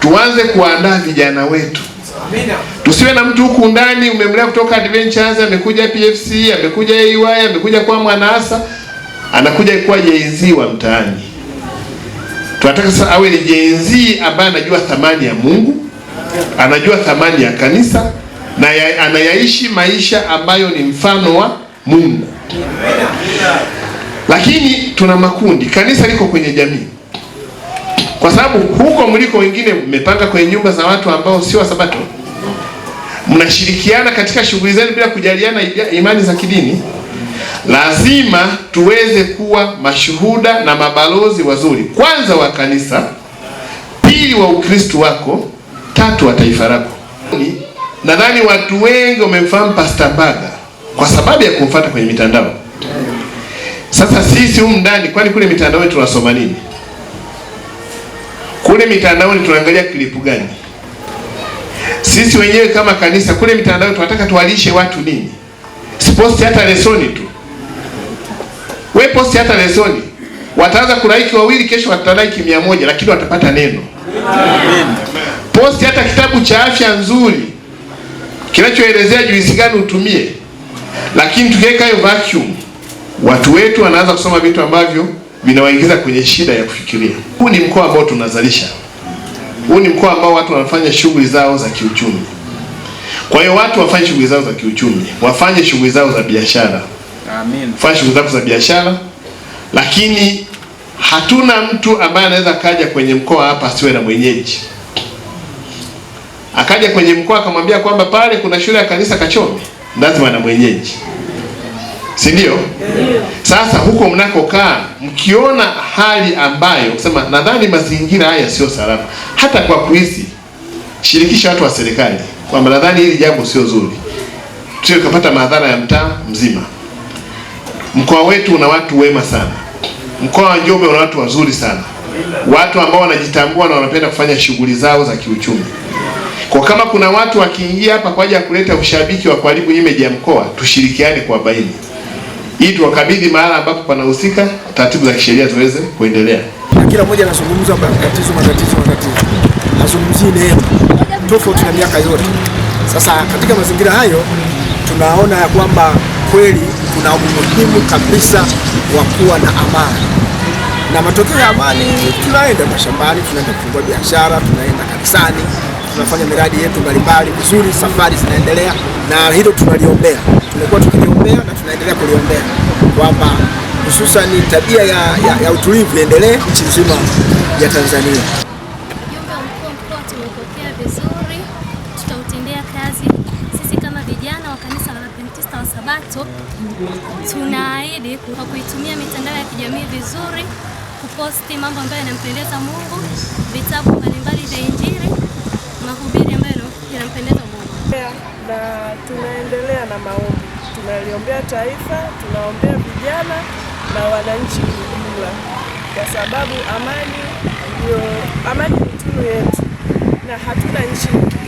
Tuanze kuandaa vijana wetu, tusiwe na mtu huku ndani umemlea kutoka Adventures, amekuja PFC, amekuja AY, amekuja kuwa mwanaasa, anakuja kuwa jenzi wa mtaani. Tunataka sasa awe ni jenzi ambaye anajua thamani ya Mungu, anajua thamani ya kanisa na ya, anayaishi maisha ambayo ni mfano wa Mungu. Lakini tuna makundi, kanisa liko kwenye jamii kwa sababu huko mliko wengine mmepanga kwenye nyumba za watu ambao sio Wasabato, mnashirikiana katika shughuli zenu bila kujaliana imani za kidini. Lazima tuweze kuwa mashuhuda na mabalozi wazuri, kwanza wa kanisa, pili wa Ukristo wako, tatu wa taifa lako. Nadhani watu wengi wamemfahamu Pastor Mbaga kwa sababu ya kumfuata kwenye mitandao. Sasa sisi humu ndani, kwani kule mitandao tunasoma nini? kule mitandaoni tunaangalia klipu gani? Sisi wenyewe kama kanisa kule mitandao tunataka tuwalishe watu nini? Siposti hata lesoni tu, we posti hata lesoni. Wataanza kulaiki wawili, kesho watalaiki mia moja, lakini watapata neno. Posti hata kitabu cha afya nzuri kinachoelezea juisi gani utumie, lakini tukiweka hiyo vacuum, watu wetu wanaanza kusoma vitu ambavyo vinawaingiza kwenye shida ya kufikiria. Huu ni mkoa ambao tunazalisha, huu ni mkoa ambao watu wanafanya shughuli zao za kiuchumi. Kwa hiyo watu wafanye shughuli zao za kiuchumi, wafanye shughuli zao za biashara. Amen, fanye shughuli zako za biashara, lakini hatuna mtu ambaye anaweza kaja kwenye mkoa hapa asiwe na mwenyeji akaja kwenye mkoa akamwambia kwamba pale kuna shule ya kanisa Kachome, lazima na mwenyeji, si ndio? Sasa huko mnakokaa mkiona hali ambayo kusema nadhani mazingira haya sio salama, hata kwa kuhisi, shirikisha watu wa serikali kwamba nadhani hili jambo sio zuri, tusije kapata madhara ya mtaa mzima. Mkoa wetu una watu wema sana, mkoa wa Njombe una watu wazuri sana, watu ambao wanajitambua na wanapenda kufanya shughuli zao za kiuchumi. Kwa kama kuna watu wakiingia hapa kwa ajili ya kuleta ushabiki wa kuharibu image ya mkoa, tushirikiane baini ili tuwakabidhi mahala ambapo panahusika, taratibu za kisheria ziweze kuendelea. Na kila mmoja anazungumza matatizo, matatizo, matatizo, hazungumzii neema, tofauti na miaka yote. Sasa katika mazingira hayo tunaona ya kwamba kweli kuna umuhimu kabisa wa kuwa na amani, na matokeo ya amani, tunaenda mashambani, tunaenda kufungua biashara, tunaenda kanisani, tunafanya miradi yetu mbalimbali vizuri, safari zinaendelea, na hilo tunaliombea, tumekuwa tukiliombea na tunaendelea kuliombea hususan tabia ya, ya, ya utulivu iendelee nchi nzima ya Tanzania. Ujumbe wa mkuu wa mkoa vizuri, tutautendea kazi. Sisi kama vijana wa kanisa la Adventista wa Sabato tunaahidi kwa kuitumia mitandao ya kijamii vizuri, kuposti mambo ambayo yanampendeza Mungu, vitabu mbalimbali vya Injili, mahubiri ambayo yanampendeza Mungu na tunaendelea na maombi, tunaliombea taifa, tunaombea vijana na wananchi kiujumla, kwa sababu amani ndio amani ni tunu yetu na hatuna nchi nyingine.